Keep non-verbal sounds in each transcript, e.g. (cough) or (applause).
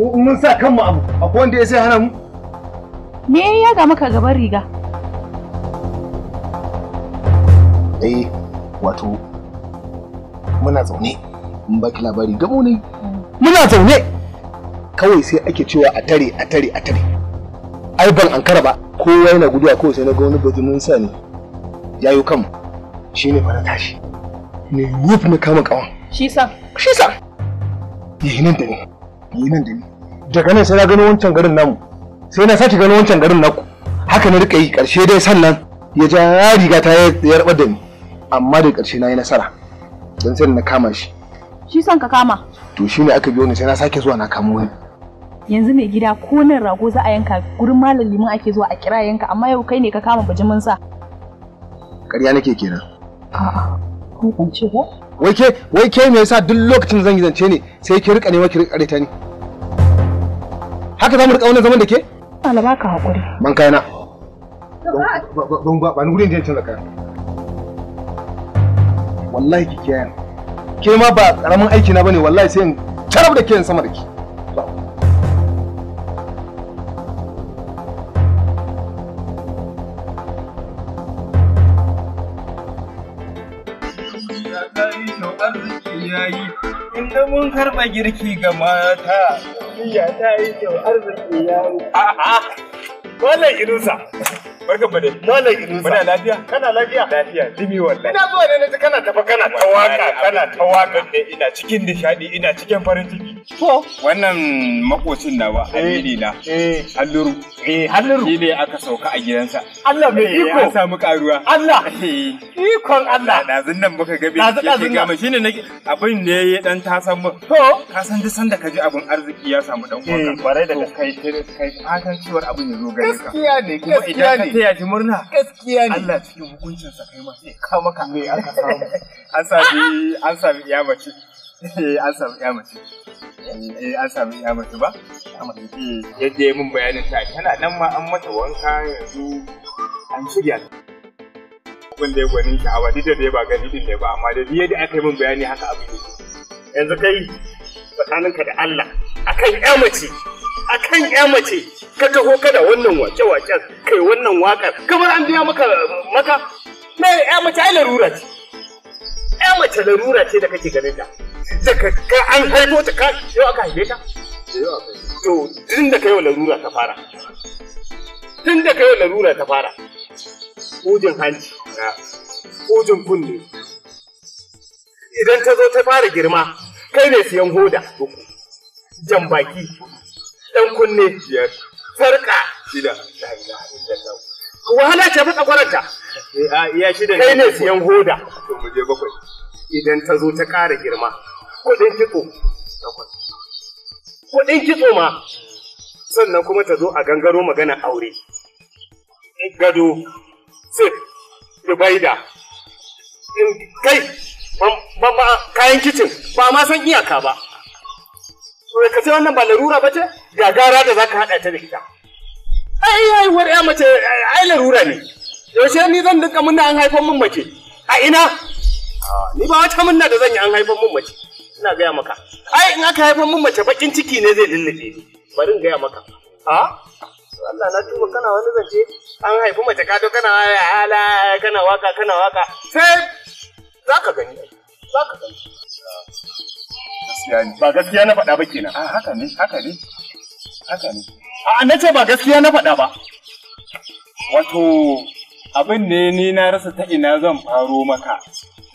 mun sa kanmu abu akwai wanda ya sai hana mu me ya ga maka gaban riga eh wato muna zaune mun baki labari gamu ne muna zaune kawai sai ake cewa a tare a tare a tare ai ban ankara ba kowa yana guduwa kowa sai na ga wani bajimin sa ne yayo kanmu shine fa tashi ne wuf na kama kawan shi sa shi sa nan da ne yi nan da ni daga nan sai na gano wancan garin namu sai na sake gano wancan garin naku haka na rika yi karshe dai sannan ya ja riga ta ya rabar da ni amma da karshe na yi nasara don sai na kama shi shi son ka kama to shi ne aka biyo ni sai na sake zuwa na kamo wani yanzu mai gida ko nan rago za a yanka gurin malam liman ake zuwa a kira yanka amma yau kai ne ka kama bijimin sa ƙarya nake kenan a'a kun kwance ko wai ke wai ke me yasa duk lokacin zan yi zance ne sai ki rika ne ki rika ta ni haka za mu rika wannan zaman da ke? Malama ka haƙuri. Ban kayana. Ban ba ba ni gudun jin canza kaya. Wallahi ki kiyaye. Ke ma ba karamin aiki na bane wallahi sai in tarab da ke in sama da ke. Arziki inda mun karɓa girki ga mata Duniya ta yi kyau arziki ya yi. A'a, ah, ah. Malam Inusa. Barkan mu dai. Malam Inusa. Muna lafiya? Kana lafiya? Lafiya, dimi wallahi. Ina zuwa ne na ji kana tafa kana ta waka, kana ta waka. Ina cikin nishaɗi ina cikin farin ciki. Ko. Wannan makocin na ba, eh, amini na. Eh. Halluru. Eh, halluru. Shi ne aka sauka a gidansa. Allah mai eh, iko. Ya samu karuwa. Allah. Eh. Ikon Allah. Ɗazun nan muka gabe. Ɗazun ɗazun nan. Shi ne nake abin ne ya dan san mu. To. Ka san duk sanda ka ji abin arziki ya samu dan uwanka. Eh, kwarai da kai kai fatan cewar abin ya zo gare ka. Gaskiya ne, gaskiya ne. Kuma idan ka taya shi murna. Gaskiya ne. Allah cikin hukuncinsa kai ma sai ka maka. Me aka samu. (laughs) An sami an sami iya mace. Eh, an samu ya mace eh an samu ya mace ba eh, yadda ya mun bayanin ta tana nan ma an mata wanka yanzu an shirya abin da ya gwanin da ba gani din ba amma da yadda aka yi mun bayani haka abu ne yanzu kai da Allah akan ya mace akan ya mace ka taho kada wannan kai wannan wakar kamar an biya maka maka na ya mace ai larura ce ya mace larura ce da kake ganin ta Da ka an haifo ta ka yau aka haife ta to tun da kai larura ta fara tun da kai larura ta fara hujin hanci hujin kunne idan ta zo ta fara girma kai ne siyan hoda jan baki dan kunne biyar sarka shida wahala ce fa kwaranta eh, a iya shida kai ne siyan hoda to mu je bakwai idan ta zo ta ƙara girma kuɗin kitso kuɗin kitso ma sannan kuma ta zo a gangaro magana aure gado sif dubaida kai ba kayan kicin ba ma san iyaka ba ka ce wannan ba larura ba ce ga gara da ka haɗa ta da ita ai war ya mace ai larura ne yaushe ni zan mun muna an haifan mun mace a ina ni ba wata munna da zan yi an haifan mun mace ina gaya maka ai in aka haifar mun mace bakin ciki ne zai lullube ni bari in gaya maka a Allah na tuba kana wani zance an haifi mace ka kana hala kana waka kana waka sai ka gani ka gani gaskiya ne ba gaskiya na faɗa ba kenan a ah, haka ne haka ne haka ne a na ce ba gaskiya na faɗa ba wato abin ne ni na rasa ta ina zan faro maka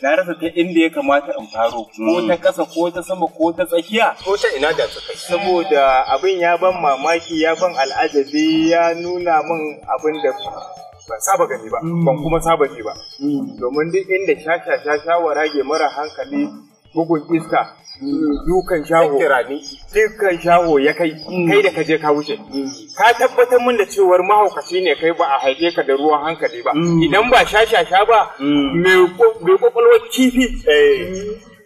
na rasa ta inda ya kamata in faro ko hmm. ta ƙasa ko ta sama ko ta tsakiya ko ta ina da tsakai saboda abin ya ban mamaki ya ban al'ajabi ya nuna min abin da ban saba gani ba hmm. ban kuma saba ji ba hmm. domin duk inda shasha ta wa rage mara hankali bugun iska dukan shaho dukan shaho ya kai mm. kai da kaje ka wuce mm. ka tabbatar min da cewar mahaukaci ne kai ba a haife ka da ruwan hankali ba mm. idan ba sha-sha-sha ba me kwakwalwar kifi eh.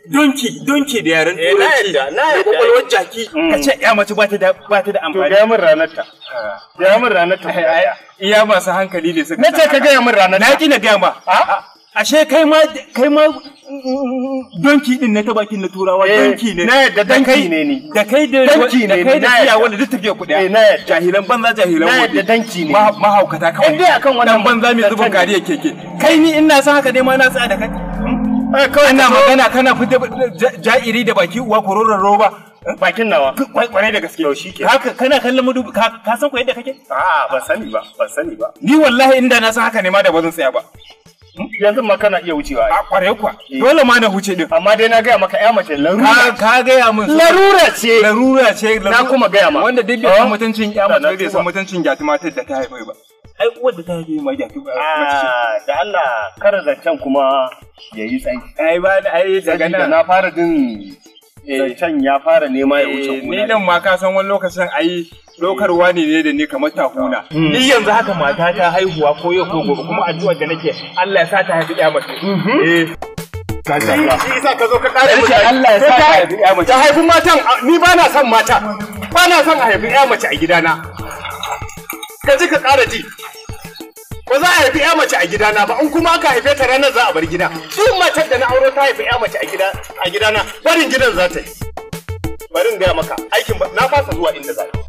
donki donki da yaran eh, turanci da kwakwalwar jaki ka ce ya mace ba ta da amfani to ga mun ranar ta ga min ranar ta ah. eh, iya masu hankali ne suka na ce ka ga min ranar ta na ki na ga ma ah. ashe kai ma kai ma Donki din na bakin na turawa eh, donki ne. Na yadda da kai ne ni. Da kai da donki ne kai da iya wanda duk tafiya kuɗi. Eh na yadda. Jahilan banza jahilan wani. Na yadda donki ne. Mahaukata kawai. Indai akan wannan banza mai zubin kariya keke. Kai ni ina san haka dai ma na tsaya da kai. Hmm? Eh, ina magana kana fita ja'iri da baki uwa kororon roba. Eh, bakin nawa kwarai da gaske shi ke haka kana kallon mudu ka san ko yadda kake a'a ah, ban sani ba ban sani ba ni wallahi inda na san haka ne ma da bazan tsaya ba yanzu ma kana iya wucewa a kware kwa eh. dole ma na huce din amma dai na gaya maka ya mace larura ka gaya min larura ce larura ce na kuma gaya ma wanda dai bai san oh. mutuncin ya mace bai san mutuncin gyati matar da ta haifa ba ai uwar da ta haife ma gyati ba ah, da Allah kar zancen kuma yayi tsayi ai ba ai daga nan na fara din eh, zancen ya fara nema ya wuce eh, ni nan ma ka san wani lokacin ai ɗaukarwa ne ne da ni kamar takuna. Mm. Ni yanzu haka mata ta haihuwa ko yau ko gobe kuma addu'ar da nake Allah ya sa ta haifi ƴa mace. Mm-hmm. Eh. Shi ka zo ka ƙara Allah ya sa ta haifi ƴa mace. Ta haifi matan ni ba na son mata. Ba na son a haifi ƴa mace a gidana. Ka ji ka ƙara ji. ba za a haifi ya mace a gidana ba in kuma aka haife ta ranar za a bar gida duk matar da na auro ta haifi ya mace a gida a gidana barin gidan za ta yi barin gaya maka aikin na fasa zuwa inda za ta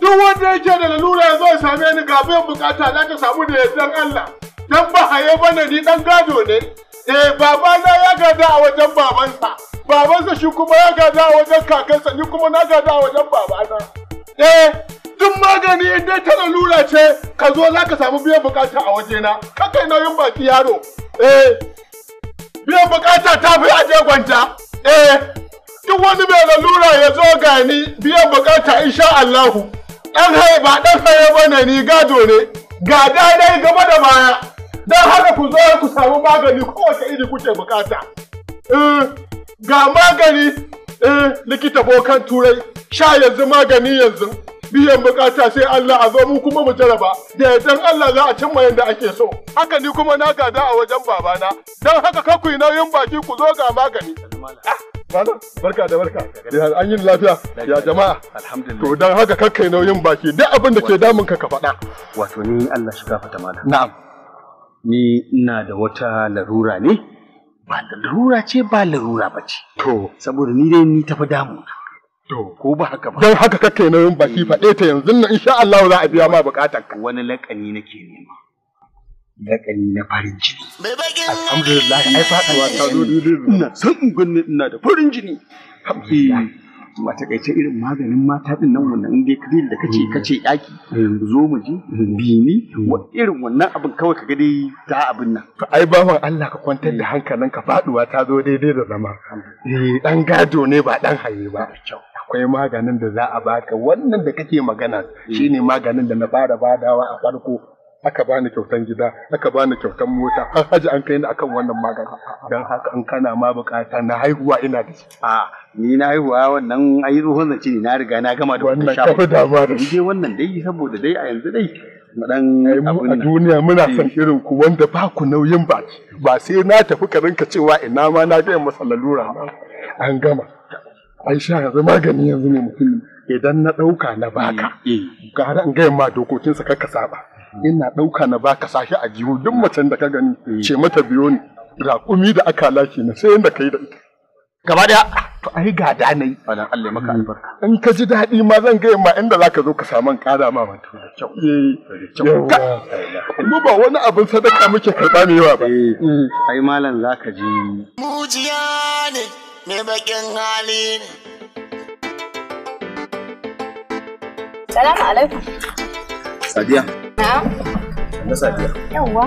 duk wanda yake da lalura ya zo ya same ni ga biyan bukata za ta samu da yardan Allah dan ba haye bane ni dan gado ne eh babana ya gada a wajen babansa babansa shi kuma ya gada a wajen kakansa ni kuma na gada a wajen babana eh duk magani in dai ta lalura ce ka zo za ka samu biyan bukata a waje wajena kakai nauyin baki yaro eh biyan bukata ta fi aje gwanta eh duk wani mai lalura ya zo gani biyan bukata insha Allahu ɗan haye ba ɗan haye ne ni gado ne ga daidai gaba da baya don haka ku zo ku samu magani kowace iri kuke bukata eh, ga magani eh, likita bokan turai sha yanzu magani yanzu biyan bukata sai Allah a zo mu kuma mu jaraba da yardan Allah za a cimma yadda ake so haka ni kuma na gada a wajen babana don haka ka ku nauyin baki ku zo ga magani ah! barka da barka. Ya an yi lafiya. Ya jama'a. Alhamdulillah. To dan haka kai-kai nauyin baki duk abin da ke damun ka ka faɗa. Wato ni Allah shi ta mala Na'am. Ni ina da wata larura ne? Ba larura ce ba larura ba ce. To saboda ni dai ni tafi damuna. To, ko ba haka ba. Don haka kake nauyin baki eh. faɗe ta yanzu nan insha Allah za a biya ma bukatar ka. Wani lakani nake nema. Lakani na farin jini. Alhamdulillah ai faɗuwa ta zo Ina san ungwanni ina da farin jini. Alhamdulillah. Ba eh, ta kaice irin maganin mata din nan wannan in dai kadin da kace kace yaki eh. zo mu ji mm. bini mm. wa irin wannan abin kawai ka ga dai ta abin nan. Ai bawan Allah ka kwantar da hankalinka faɗuwa ta zo daidai da zama. Eh dan gado ne ba dan haye ba. Kyau. akwai maganin da za a baka wannan da kake magana shine maganin da na fara badawa a farko aka bani kyautan gida aka bani kyautan mota har haji an kai ni akan wannan magana dan haka an kana ma bukata na haihuwa ina da shi a ni na haihuwa wannan ai ruhun zance ne na riga na gama da wannan shafa da ba da je wannan dai saboda dai a yanzu dai a duniya muna eh. son irin ku wanda ba ku nauyin ba ba sai na tafi ka cewa ina ma na ga masa lalura an gama ai sha yanzu magani yanzu ne mutum idan na ɗauka na baka mm, eh. gara in gaya ma dokokinsa kar ka saba mm. ina ɗauka na baka sashi a jiwo duk mm. macen da ka gani ce mata biyo ni raƙumi da aka lashe na sai yadda kai da ita gaba daya to ai ga da nayi Allah Allah maka albarka in ka ji daɗi ma zan gaya ma inda zaka zo ka samu ƙara ma mutum da kyau kuma ba wani abin sadaka muke karɓa ne ba eh. ai malam zaka ji mujiya ne ne bakin hali ne. Salamu alaikum. Sadiya. Na Na Sadiya. Yawwa.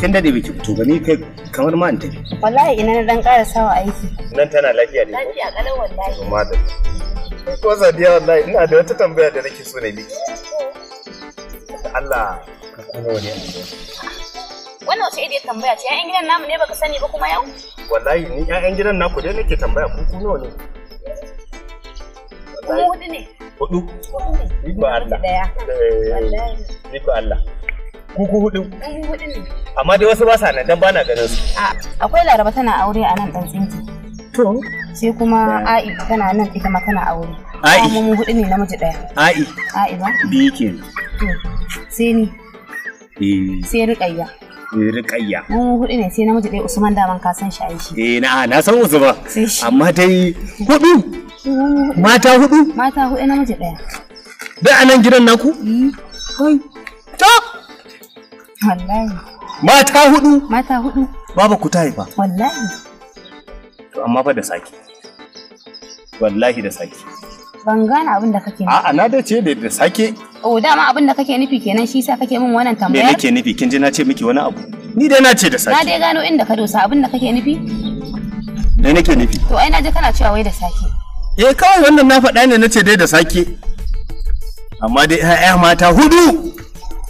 Kin dade biki fito gani kai kamar ma in tafi. Wallahi ina na dan ƙara sawa aiki. Nan tana lafiya ne. Lafiya kalan wallahi. Kuma da. Ko Sadiya wallahi ina da wata tambaya da nake so na biki. Allah ka kuma wani abu. wannan wace idiyar tambaya ce 'Ya'yan gidan namu ne baka sani ba kuma yau wallahi ni 'ya'yan gidan naku dai nake tambaya ku ku nawa ne kuma hudu ne hudu ni ba Allah eh, ni ba Allah ku hudu amma dai wasu ba sa nan dan bana ganin su akwai laraba tana aure a nan dan tsinki to sai kuma a'i tana nan ita ma tana aure a'i mu hudu ne namiji daya a'i a'i ba bi kenan sai ni eh. sai rukayya rikayya. Mu hudu ne sai namiji ɗaya Usman daman ka san shayi shi. Eh na na san Usman. Amma dai hudu. Mata hudu? Mata hudu namiji daya. Da nan gidan naku? Hmm. Kai. To. Wallahi. Mata hudu? Mata hudu. Baba ku tayi fa. Wallahi. To amma fa da saki. Wallahi da saki. Ban gane abin da kake. A'a na dace da sake. O oh, dama abin da kake nufi kenan shi sa kake min wannan tambayar? Me nake nufi kin ji na ce miki wani abu? Ni dai na ce da sake. Na dai gano inda ka dosa abin da kake nufi? Me nake nufi? To ai na ji kana cewa wai da sake. Eh kawai wannan na faɗa ne na ce dai da sake. Amma dai ƴaƴa mata hudu.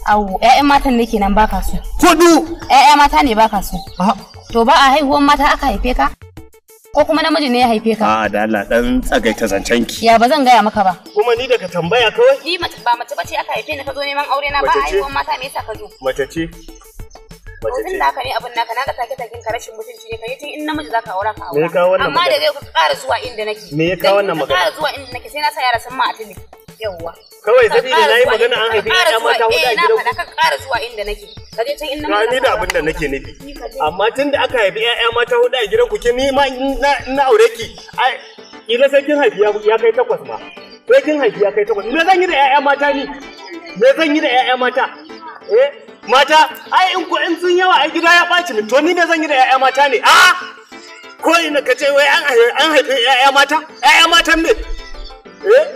Au ƴaƴan matan ne kenan baka so. Hudu. ƴaƴa mata ne baka so. To ba a haihuwan mata aka haife ka? ko kuma namiji ne ya haife ka. A ah, da Allah dan tsagaita zancen ki. Ya ba zan gaya maka ba. Kuma ni daga tambaya kawai. Ni mace ba mace bace aka haife ni ka zo neman aure na ba haihuwar mata me yasa ka zo? Mace ce. Mace ce. naka ne abin naka na ga take ka rashin mutunci ne kai tun in namiji zaka aura ka aura. Me ka wannan Amma da zai ku ƙara zuwa inda nake. Me ya ka wannan magana? ƙara zuwa inda nake sai na sa yara sun ma a tilli. Yawwa. Kawai sabi da yi magana an haifi ƴaƴa mata huɗu a gidan. Eh na ka ƙara zuwa inda nake. Ka je can inda muka. Ni da abin da nake nufi. Amma tun da aka haifi ƴaƴa mata huɗu a gidan ku ke ni ma na aure ki. Ai ila sai kin haifi ya kai takwas ma. Sai kin haifi ya kai takwas. Me zan yi da ƴaƴa mata ni? Me zan yi da ƴaƴa mata? Eh mata ai in ku in sun yawa ai gida ya ɓaci min to ni me zan yi da ƴaƴa mata ne? Ah! ko ina ka ce wai an haifi 'ya'ya mata 'ya'ya mata ne eh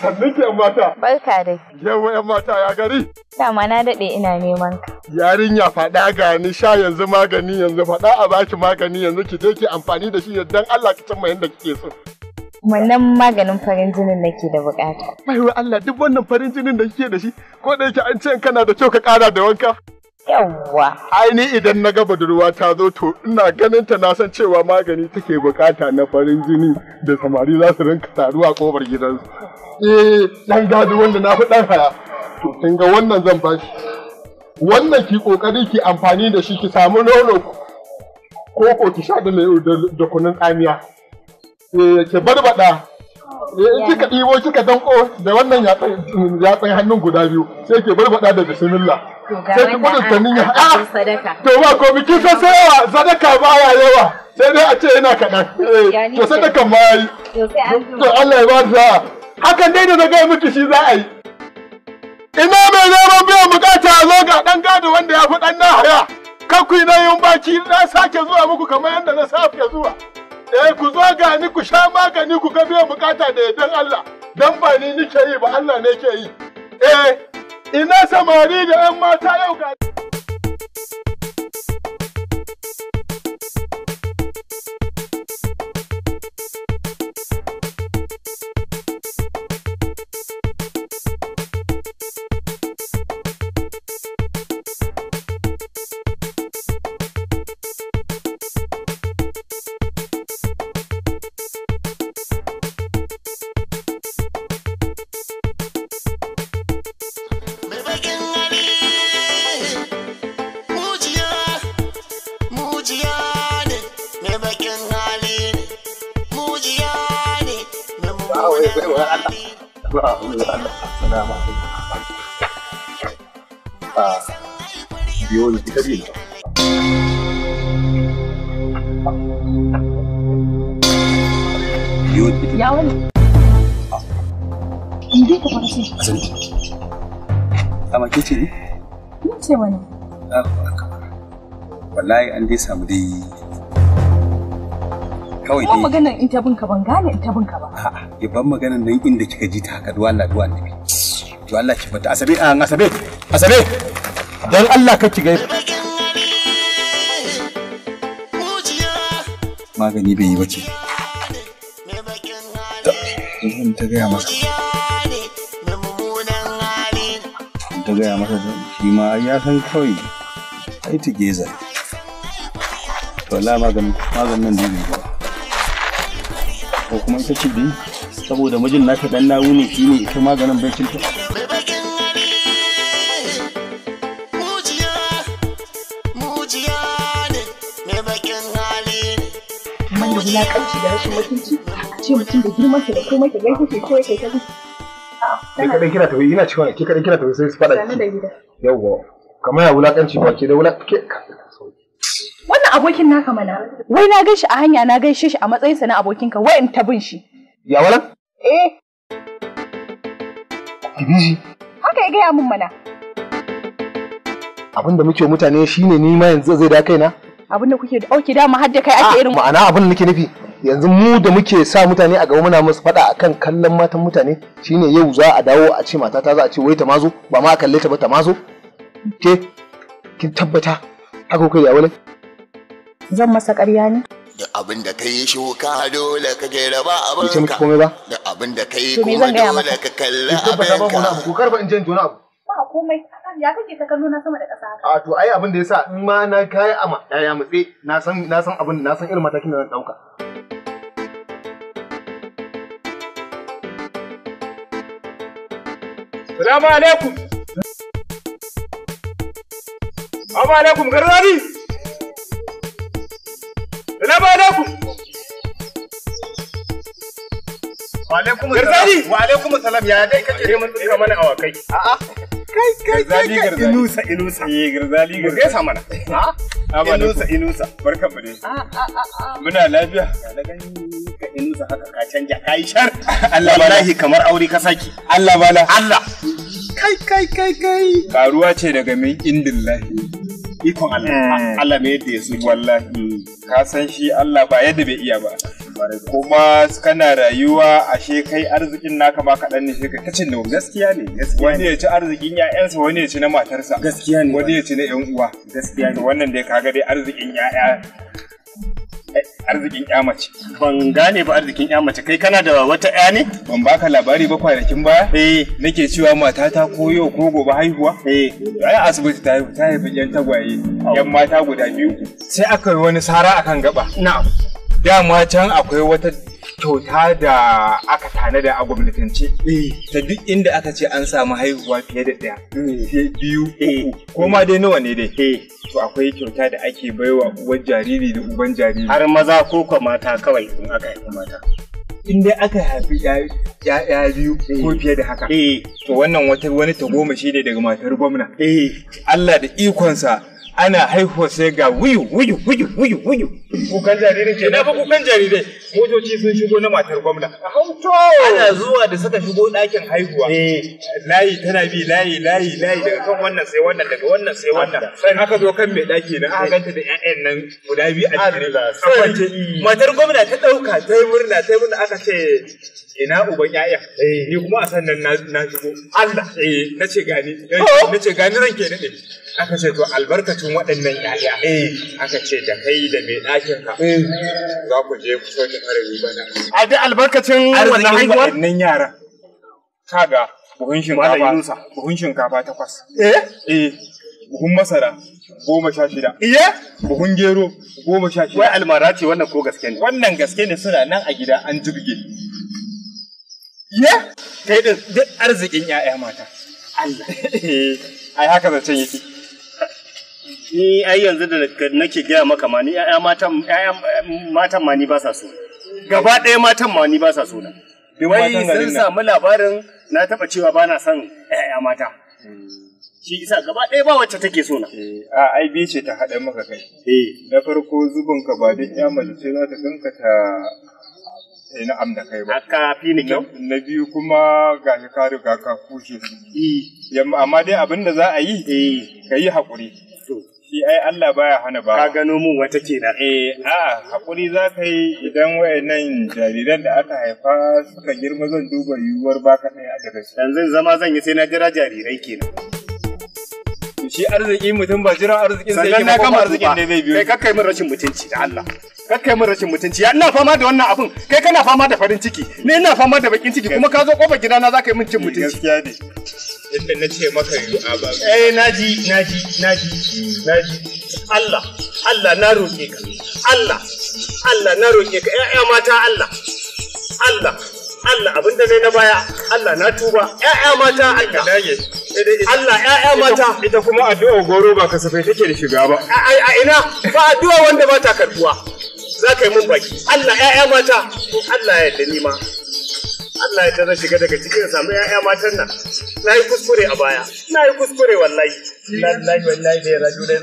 Sannin ke mata. Barka dai. Yawa yan mata ya gari. Dama na daɗe ina neman ka. Yarinya faɗa gani sha yanzu magani yanzu faɗa a baki magani yanzu ki je ki amfani da shi yadda Allah ki cimma yanda kike so. Wannan maganin farin jinin nake da bukata. Baiwa Allah duk wannan farin jinin da kike da shi ko da yake an ce kana da kyau ka ƙara da wanka. Yawwa. Aini idan na ga budurwa ta zo to ina ganin ta na san cewa magani take bukata na farin jini da samari za su rinka taruwa kofar gidansu. Eh, dan gado wanda na fi dan haya. To kin ga wannan zan bashi. Wannan ki kokari ki amfani da shi ki samu nono ko ko ki sha da da kunun tsamiya. Eh, ki barbada eh, in kika ɗibo kika danko da wannan yatsai hannun guda biyu sai ke barbada da bismillah. sai ki kwatanta niyya a to ba ko biki fa sadaka ba ya yawa sai dai a ce yana kaɗan eh, to sadaka ma yi to Allah ya ba ta hakan dai da na gaya miki shi za a yi ina mai neman biyan bukata zo ga ɗan gado wanda ya fi ɗan na haya kakwi na yin baki na sake zuwa muku kamar yadda na sake zuwa eh ku zo gani ku sha magani ku ga biyan bukata da yardan Allah dan ba ni nike yi ba Allah ne ke yi eh Ina samari da 'yan mata yau ga. biyo ni biyu ka fara ke ce ne ce wani wallahi an dai samu dai kawai dai maganar in ta bin ka ban gane in ta bin ba a'a ya ban maganan nan inda kika ji ta ka duwala duwa annabi to Allah ki fata asabe a ah, asabe asabe dan Allah ka ki ga magani bai yi ba ce ta gaya masa ta gaya masa shi ma ya san kawai ai tigeza to la maganin nan ne ko kuma ita ce biyu saboda mijin naka dan nawu ne ita maganin bakin ta man da da rashin mutunci a ce mutum da girmansa da komai da gaishe ko yake ta kai kadai kina tafi ina cikin wani ke kadai kina tafi sai su faɗa ki yawwa kamar ya wulaƙanci ba ke da wulakanci wannan abokin naka mana wai na gaishe a hanya na gaishe shi a matsayinsa na abokinka wayan ta bin shi ya walan Eh. Haka ya gaya min mana. Abin da muke mutane shine ni ma yanzu zai da kaina. Abin da kuke dauke oh, dama har da kai ake ah, irin ma'ana abin da nake nufi. Yanzu mu da muke sa mutane a gaba muna musu faɗa akan kallon matan mutane shine yau za a dawo a ce mata ta za a ce wai ta mazo ba ma a kalle ta ba ta mazo. Ke kin tabbata haka kuka yi a wani? Zan masa ƙarya ne. da abin da kai shuka dole ka jera ba abin ka da abin da kai kuma dole ka kalli abin ka ko karba in je in jona abu ba komai ya kake ta kallo na sama da ƙasa a to ai abin da yasa in ma na kai a Yaya mutse na san na san abin na san irin matakin da zan dauka Salamu alaikum. Salamu alaikum, garzani. Ina ba da ku. Wa alaikum salam. Wa alaikum salam. Ya dai kake neman tsira mana awakai? A'a. Kai kai kai kai inusa inusa. Eh garzali garzali. Gaisa mana. Ha? Inusa inusa. Barka mu dai. Muna lafiya. Ga ka inusa haka ka canja ka yi shar. Allah wallahi kamar aure ka saki. Allah bala. Allah. Kai kai kai kai. Karuwa ce daga min indillahi. ikon Allah eh. Allah ne da ya so wallahi ka san shi Allah ba yadda bai iya ba kuma kana rayuwa ashe kai arzikin naka ma kaɗan ne shekar ta cinna gaskiya ne wani ya ci arzikin 'ya'yansa, wani ya ci na matarsa gaskiya ne wani ya ci na ƴan uwa gaskiya ne wannan dai ga dai arzikin ya'ya arzikin ya mace. Ban gane ba arzikin ya mace kai kana da wata ya ne? Ban baka labari ba kwanakin ba? Eh. Nake cewa mata ko yau ko gobe haihuwa? Eh. Ai asibiti ta haihu ta haifi yan tagwaye yan mata guda biyu. Sai aka yi wani sara akan gaba. Na'am. Da matan akwai wata kyauta da aka tanada a gwamnatance eh, ta duk inda aka ce an samu haihuwa fiye da ɗaya mm, sai biyu eh, uku eh. ko ma dai nawa ne dai to akwai kyauta da ake baiwa uwar jariri da uban jariri har maza ko kwa mata kawai in aka haifi mata in dai aka haifi ya biyu ko fiye da haka to wannan wata wani shi ne daga matar gwamna Allah da ikonsa ana haihuwa sai ga wuyu wuyu wuyu wuyu wuyu kukan jaririn ke na fa kukan jarirai motoci sun shigo na matar gwamna hauto ana zuwa da suka shigo ɗakin haihuwa eh layi tana bi layi layi layi daga kan wannan sai wannan daga wannan sai wannan sai aka zo kan mai ɗaki na aka ganta da ƴaƴan nan guda biyu a cikin matar gwamna ta ɗauka ta yi murna ta yi murna aka ce ina uban yaya eh, ni kuma a sannan na shigo Allah eh na ce gani na ce gani ke daɗe aka ce to albarkacin waɗannan yaya eh aka ce da kai da mai ɗakin ka eh. za ku je ku soke yi bana a dai albarkacin wannan haihuwa nan yara kaga buhun shinkafa buhun shinkafa takwas eh eh buhun masara goma sha shida. iya Buhun gero goma sha shida. Wai almara ce wannan ko gaske ne? Wannan gaske ne suna nan a gida an jirge. Ya? Kai din duk arzikin ‘ya'ya mata. Allah. (laughs) Ai haka zancen yake. Ni ai yanzu da nake gaya maka ma ni ‘ya'ya matan matan ma ni ba sa so. Gaba ɗaya matan ma ni ba sa so na. Wai sun samu labarin na taɓa cewa ba na son ‘ya'ya mata. Hmm. Shi isa gaba ɗaya ba wacce take so na. Eh, a ai biyu ce ta haɗa maka kai. Eh. Na farko zubinka ba duk ‘ya mace ce za ta ganka ta eh na amna kai ba aka fi ni kyau na biyu kuma ga shi ka riga ka kushe su e. eh amma dai abin da za a yi eh ka yi hakuri to shi ai Allah baya hana ba ka gano mun wata kenan eh a hakuri za ka yi idan wayannan jariran da aka haifa suka girma zan duba yiwuwar baka ɗaya a daga yanzu zama zan yi sai na jira jarirai kenan shi arziki mutum ba jiran arzikin sai yake kuma arzikin ne zai biyo kai kakkai min rashin mutunci da Allah kakkai min rashin mutunci ya ina fama da wannan abun kai kana fama da farin ciki ni ina fama da bakin ciki kuma ka zo kofar gidana zaka yi min cin mutunci gaskiya ne yadda na ce maka yi a ba eh naji naji naji naji Allah Allah na roƙe ka Allah Allah na roƙe ka ƴaƴa mata Allah Allah Allah abinda ne na baya Allah na tuba ƴaƴa mata Allah Allah ya'ya mata ita kuma addu'a goro ba kasafai take da shiga ba a ina ba addu'a wanda ba ta karbuwa za ka yi mun baki Allah ya'ya mata Allah ya yarda ni ma Allah ya tana shiga daga cikin samu ya'ya matan nan na yi kuskure a baya na yi kuskure wallahi wallahi wallahi ne rajulai